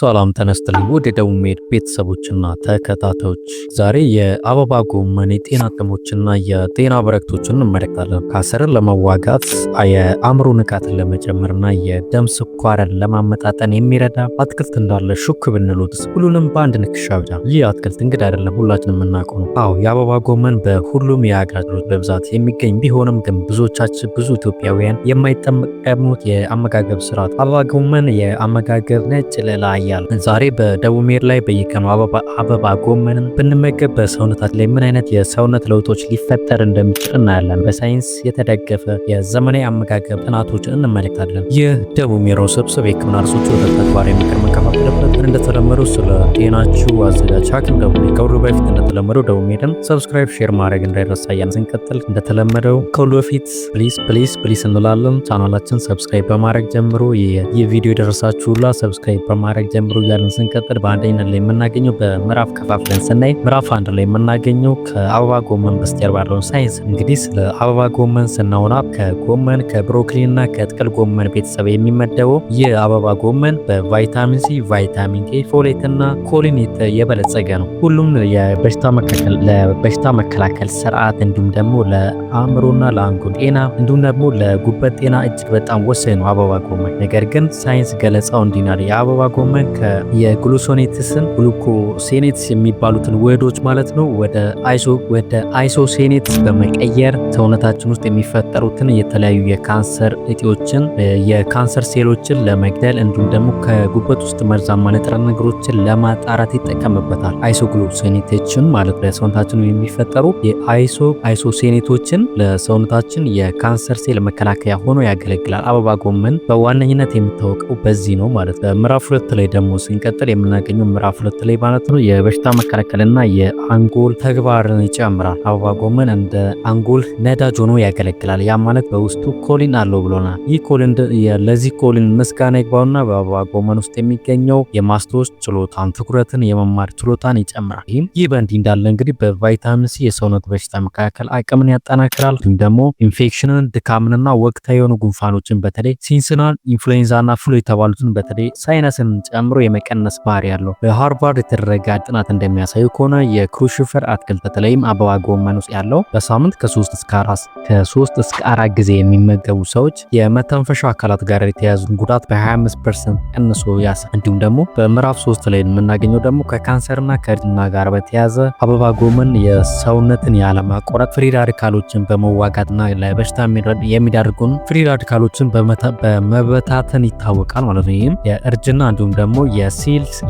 ሰላም ተነስተልኝ ወደ ደቡብ ሜድ ቤተሰቦችና ተከታታዮች፣ ዛሬ የአበባ ጎመን የጤና ጥቅሞችና የጤና በረከቶችን እንመለከታለን። ካንሰርን ለመዋጋት የአእምሮ ንቃትን ለመጨመርና የደም ስኳርን ለማመጣጠን የሚረዳ አትክልት እንዳለ ሹክ ብንሉት ሁሉንም በአንድ ንክሻ ብቻ። ይህ አትክልት እንግዲህ አይደለም፣ ሁላችን የምናውቀው ነው። አዎ የአበባ ጎመን በሁሉም የሀገራችን በብዛት የሚገኝ ቢሆንም ግን ብዙዎቻችን ብዙ ኢትዮጵያውያን የማይጠቀሙት የአመጋገብ ስርዓት አበባ ጎመን የአመጋገብ ነጭ ለላ ያሳያል። ዛሬ በደቡብ ሜድ ላይ በየቀኑ አበባ ጎመንን ብንመገብ በሰውነታት ላይ ምን አይነት የሰውነት ለውጦች ሊፈጠር እንደሚችል እናያለን። በሳይንስ የተደገፈ የዘመናዊ አመጋገብ ጥናቶች እንመለከታለን። ይህ ደቡብ ሜድ ውስብስብ የሕክምና ወደ ተግባራዊ ምክር መከፋፈል የምትማሩ ስለ ጤናችሁ አዘጋጅ ሐኪም ደቡሜ። ከሁሉ በፊት እንደተለመደው ደቡሜ ሄደን ሰብስክራይብ፣ ሼር ማድረግ እንዳይረሳ። ያን ስንቀጥል እንደተለመደው ከሁሉ በፊት ፕሊስ ፕሊስ ፕሊስ እንላለን። ቻናላችን ሰብስክራይብ በማድረግ ጀምሮ የቪዲዮ የደረሳችሁ ሁላ ሰብስክራይብ በማድረግ ጀምሮ እያለን ስንቀጥል በአንደኝነት ላይ የምናገኘው በምዕራፍ ከፋፍለን ስናይ ምዕራፍ አንድ ላይ የምናገኘው ከአበባ ጎመን በስተጀርባ ያለውን ሳይንስ እንግዲህ ስለ አበባ ጎመን ስናወራ ከጎመን ከብሮኮሊና እና ከጥቅል ጎመን ቤተሰብ የሚመደበው ይህ አበባ ጎመን በቫይታሚን ሲ ቫይታሚን ኬ ፎሌ ፎሌትና ኮሊኔት የበለጸገ ነው። ሁሉም ለበሽታ መከላከል ስርዓት እንዲሁም ደግሞ ለአእምሮና ለአንጎል ጤና እንዲሁም ደግሞ ለጉበት ጤና እጅግ በጣም ወሳኝ ነው አበባ ጎመን። ነገር ግን ሳይንስ ገለጻው እንዲናል የአበባ ጎመን የግሉሶኔትስን ግሉኮሴኔትስ የሚባሉትን ውህዶች ማለት ነው ወደ አይሶ ወደ አይሶሴኔትስ በመቀየር ሰውነታችን ውስጥ የሚፈጠሩትን የተለያዩ የካንሰር እጢዎችን የካንሰር ሴሎችን ለመግደል እንዲሁም ደግሞ ከጉበት ውስጥ መርዛማ ንጥረ ነገሮች ችግሮችን ለማጣራት ይጠቀምበታል። አይሶግሉሲኔቶችን ማለት ለሰውነታችን የሚፈጠሩ የአይሶ ሴኔቶችን ለሰውነታችን የካንሰር ሴል መከላከያ ሆኖ ያገለግላል። አበባ ጎመን በዋነኝነት የሚታወቀው በዚህ ነው ማለት ነው። ምዕራፍ ሁለት ላይ ደግሞ ስንቀጥል የምናገኘው ምዕራፍ ሁለት ላይ ማለት ነው የበሽታ መከላከልና የአንጎል ተግባርን ይጨምራል። አበባ ጎመን እንደ አንጎል ነዳጅ ሆኖ ያገለግላል። ያ ማለት በውስጡ ኮሊን አለው ብሎናል። ይህ ኮሊን ለዚህ ኮሊን ምስጋና ይግባውና በአበባ ጎመን ውስጥ የሚገኘው የማስታወስ ችሎታን፣ ትኩረትን፣ የመማር ችሎታን ይጨምራል። ይህም ይህ በእንዲህ እንዳለ እንግዲህ በቫይታሚን ሲ የሰውነት በሽታ መከላከል አቅምን ያጠናክራል። እንዲሁም ደግሞ ኢንፌክሽንን፣ ድካምንና ወቅታዊ የሆኑ ጉንፋኖችን በተለይ ሲንስናል ኢንፍሉዌንዛና ፍሉ የተባሉትን በተለይ ሳይነስን ጨምሮ የመቀነስ ባህሪ ያለው በሃርቫርድ የተደረገ ጥናት እንደሚያሳዩ ከሆነ የክሩሽፈር አትክልት በተለይም አበባ ጎመን ውስጥ ያለው በሳምንት ከሶስት እስከ አራት ከሶስት እስከ አራት ጊዜ የሚመገቡ ሰዎች የመተንፈሻ አካላት ጋር የተያያዙን ጉዳት በ25 ፐርሰንት ቀንሶ ያሳ እንዲሁም ደግሞ በምዕራፍ 3 ምርት ላይ የምናገኘው ደግሞ ከካንሰርና ከእርጅና ጋር በተያያዘ አበባ ጎመን የሰውነትን ያለማቆረጥ ፍሪ ራዲካሎችን በመዋጋትና ለበሽታ የሚዳርጉን ፍሪ ራዲካሎችን በመበታተን ይታወቃል ማለት ነው። ይህም የእርጅና እንዲሁም ደግሞ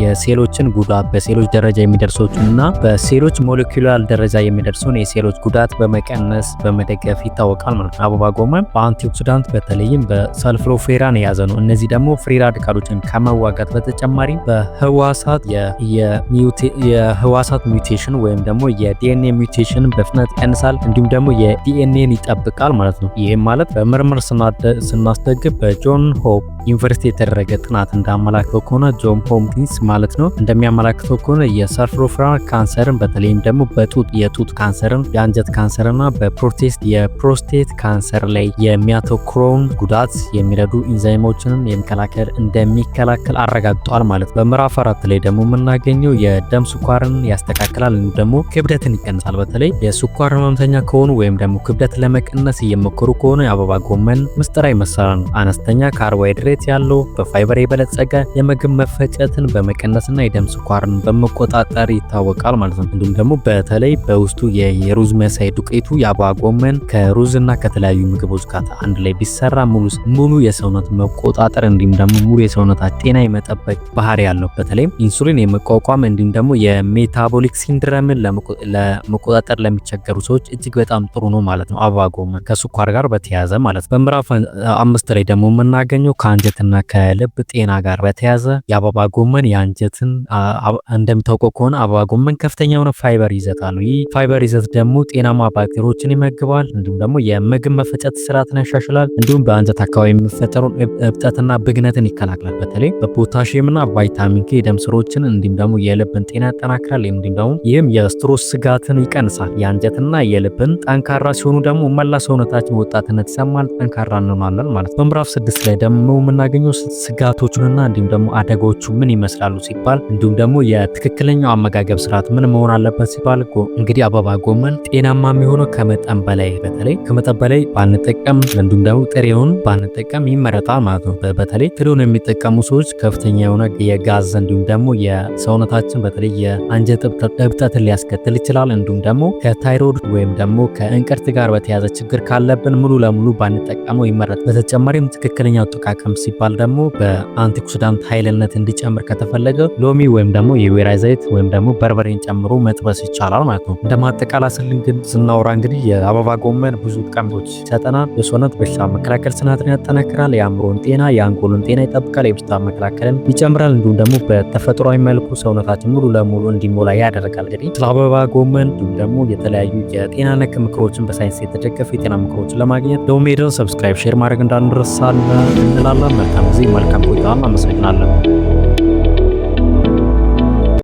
የሴሎችን ጉዳት በሴሎች ደረጃ የሚደርሶችን እና በሴሎች ሞለኪላል ደረጃ የሚደርሱን የሴሎች ጉዳት በመቀነስ በመደገፍ ይታወቃል ማለት ነው። አበባ ጎመን በአንቲኦክሲዳንት በተለይም በሰልፍሎፌራን የያዘ ነው። እነዚህ ደግሞ ፍሪ ራዲካሎችን ከመዋጋት በተጨማሪ በህወ ህዋሳት የህዋሳት ሚውቴሽን ወይም ደግሞ የዲኤንኤ ሚውቴሽን በፍጥነት ይቀንሳል፣ እንዲሁም ደግሞ የዲኤንኤን ይጠብቃል ማለት ነው። ይህም ማለት በምርምር ስናስደግፍ በጆን ሆፕ ዩኒቨርሲቲ የተደረገ ጥናት እንዳመላክተው ከሆነ ጆን ሆምኪንስ ማለት ነው እንደሚያመላክተው ከሆነ የሰርፍሮፍራ ካንሰርን በተለይም ደግሞ በጡት የጡት ካንሰርን፣ የአንጀት ካንሰርና በፕሮቴስት የፕሮስቴት ካንሰር ላይ የሚያተኩረውን ጉዳት የሚረዱ ኢንዛይሞችንን የሚከላከል እንደሚከላከል አረጋግጧል ማለት ነው። በምዕራፍ አራት ላይ ደግሞ የምናገኘው የደም ስኳርን ያስተካክላል እንዲሁም ደግሞ ክብደትን ይቀንሳል። በተለይ የስኳር ህመምተኛ ከሆኑ ወይም ደግሞ ክብደት ለመቀነስ እየሞከሩ ከሆነ የአበባ ጎመን ምስጢራዊ መሳሪያ ነው። አነስተኛ ካርቦሃይድሬት ካርቦሃይድሬት ያለው በፋይበር የበለጸገ የምግብ መፈጨትን በመቀነስና የደም ስኳርን በመቆጣጠር ይታወቃል ማለት ነው። እንዲሁም ደግሞ በተለይ በውስጡ የሩዝ መሳይ ዱቄቱ የአበባ ጎመን ከሩዝና ከተለያዩ ምግቦች ጋር አንድ ላይ ቢሰራ ሙሉ የሰውነት መቆጣጠር እንዲሁም ደግሞ ሙሉ የሰውነት ጤና የመጠበቅ ባህሪ ያለው በተለይም ኢንሱሊን የመቋቋም እንዲሁም ደግሞ የሜታቦሊክ ሲንድረምን ለመቆጣጠር ለሚቸገሩ ሰዎች እጅግ በጣም ጥሩ ነው ማለት ነው። አበባ ጎመን ከስኳር ጋር በተያያዘ ማለት ነው። በምዕራፍ አምስት ላይ ደግሞ የምናገኘው ከአንጀትና ከልብ ጤና ጋር በተያዘ የአበባ ጎመን የአንጀትን እንደሚታወቀው ከሆነ አበባ ጎመን ከፍተኛ የሆነ ፋይበር ይዘት አለው። ይህ ፋይበር ይዘት ደግሞ ጤናማ ባክቴሪዎችን ይመግባል። እንዲሁም ደግሞ የምግብ መፈጨት ስርዓትን ያሻሽላል። እንዲሁም በአንጀት አካባቢ የሚፈጠሩን እብጠትና ብግነትን ይከላከላል። በተለይ በፖታሽየምና ቫይታሚን ኬ ደም ስሮችን እንዲሁም ደግሞ የልብን ጤና ያጠናክራል። እንዲሁም ደግሞ ይህም የስትሮስ ስጋትን ይቀንሳል። የአንጀትና የልብን ጠንካራ ሲሆኑ ደግሞ መላ ሰውነታችን ወጣትነት ይሰማል፣ ጠንካራ እንሆናለን ማለት ነው። በምዕራፍ ስድስት ላይ ደግሞ የምናገኘው ስጋቶቹንና እንዲሁም ደግሞ አደጋዎቹ ምን ይመስላሉ ሲባል እንዲሁም ደግሞ የትክክለኛው አመጋገብ ስርዓት ምን መሆን አለበት ሲባል እንግዲህ አበባ ጎመን ጤናማ የሚሆነው ከመጠን በላይ በተለይ ከመጠን በላይ ባንጠቀም እንዲሁም ደግሞ ጥሬውን ባንጠቀም ይመረጣል ማለት ነው። በተለይ ጥሬውን የሚጠቀሙ ሰዎች ከፍተኛ የሆነ የጋዝ እንዲሁም ደግሞ የሰውነታችን በተለይ የአንጀት እብጠትን ሊያስከትል ይችላል። እንዲሁም ደግሞ ከታይሮድ ወይም ደግሞ ከእንቅርት ጋር በተያዘ ችግር ካለብን ሙሉ ለሙሉ ባንጠቀመው ይመረጣል። በተጨማሪም ትክክለኛው አጠቃቀም ሲባል ደግሞ በአንቲኦክሲዳንት ኃይልነት እንዲጨምር ከተፈለገ ሎሚ ወይም ደግሞ የወይራ ዘይት ወይም ደግሞ በርበሬን ጨምሮ መጥበስ ይቻላል ማለት ነው። እንደ ማጠቃላ ስልን ግን ስናወራ እንግዲህ የአበባ ጎመን ብዙ ጠቀሜታዎች ይሰጠናል። የሰውነት በሽታ መከላከል ስርዓትን ያጠናክራል፣ የአእምሮን ጤና፣ የአንጎልን ጤና ይጠብቃል፣ የበሽታ መከላከልን ይጨምራል። እንዲሁም ደግሞ በተፈጥሯዊ መልኩ ሰውነታችን ሙሉ ለሙሉ እንዲሞላ ያደርጋል። እንግዲህ ስለ አበባ ጎመን እንዲሁም ደግሞ የተለያዩ የጤና ነክ ምክሮችን በሳይንስ የተደገፈ የጤና ምክሮችን ለማግኘት ዶሜድን ሰብስክራይብ፣ ሼር ማድረግ እንዳንረሳለን እንላለን። መልካም ጊዜ፣ መልካም ቆይታ። አመሰግናለን።